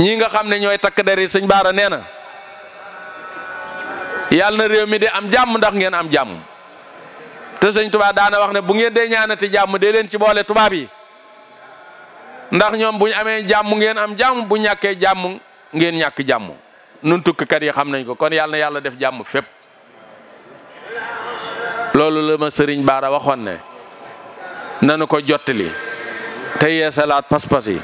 ñii nga xam ne ñooy takk der yi Baara nee na yàlla na réew mi di am jàmm ndax ngeen am jàmm te sëñ Tuubaa daana wax ne bu ngeen dee ñaanati jàmm de leen ci boole tubaab yi ndax ñoom bu amee jàmm ngeen am jàmm bu ñàkkee jàmm ngeen ñàkk jàmm nun tukkikat yi xam nañ ko kon yàlla na yàlla def jàmm fépp loolu la ma sëriñ Baara waxoon ne nanu ko jottali te yeesalaat pas-pas yi.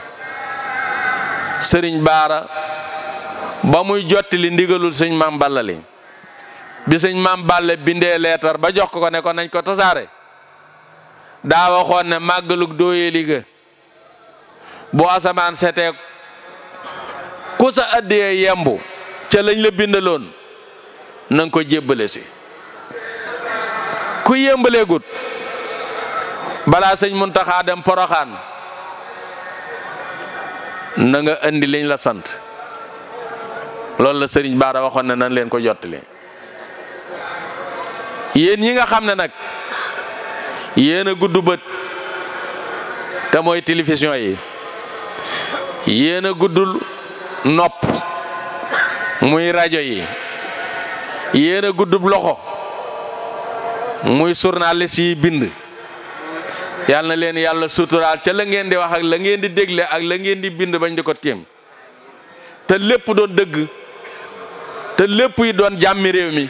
sëriñ baara ba muy jottali ndigalul sëñ maam Balla bi sëñ mam Balla bindee leetar ba jox ko ne ko nañ ko tasaare daa waxoon ne màggalug dooyeli ga bu asamaan setee ku sa addiyee yembu ca lañ la bindaloon nanga ko jébbale si ku yémbaleegut balaa sëñ Muntaxa dem poroxaan na nga indi liñ la sant loolu la sëriñ Baara waxoon na na leen ko jottali yéen yi nga xam ne nag yéen a gudd bët te mooy télévision yi yéen a guddul nopp muy rajo yi yéen a guddub loxo muy journaliste yi bind yàlla na leen yàlla suturaal ca la ngeen di wax ak la ngeen di dégle ak la ngeen di bind bañ di ko téem te lépp doon dëgg te lépp yi doon jàmmi réew mi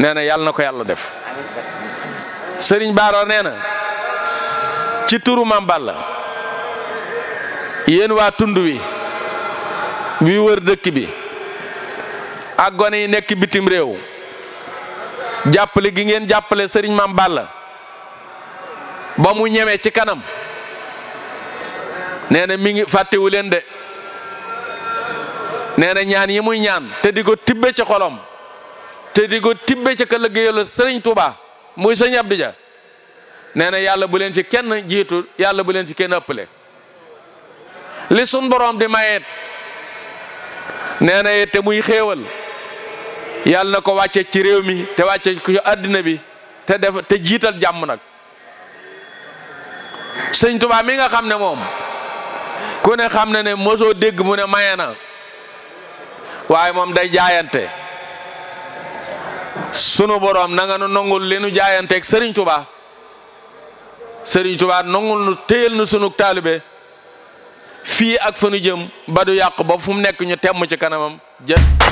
nee na yàlla na ko yàlla def sëriñ Baaro nee na ci turu Maam Balla yéen waa tund wi wi wër dëkk bi ak gone yi nekk bitim réew jàppale gi ngeen jàppale sëriñ Maam Balla ba mu ñemee ci kanam nee na mi ngi fàttewu leen de nee na ñaan yi muy ñaan te di ko tibbe ci xolom te di ko tibbe ci ka liggéeyal sëriñ Touba muy sëñ Abdou Dia nee na yàlla bu leen ci kenn jiitu yàlla bu leen ci kenn ëppale li sun borom di mayeet nee na muy xéewal yàlla na ko wàcce ci réew mi te wàcce ko ci àddina bi te def te jiital jàmm nag sëñ Tuubaa mi nga xam ne moom ku ne xam ne ne mosoo dégg mu ne maye na waaye moom day jaayante sunu boroom na nga nu nongul li nu jaayanteeg sëriñ Tuubaa sëriñ Tuubaa nongul nu téyel nu sunu taalibe fii ak fa nu jëm ba du yàq ba fu mu nekk ñu temm ci kanamam jë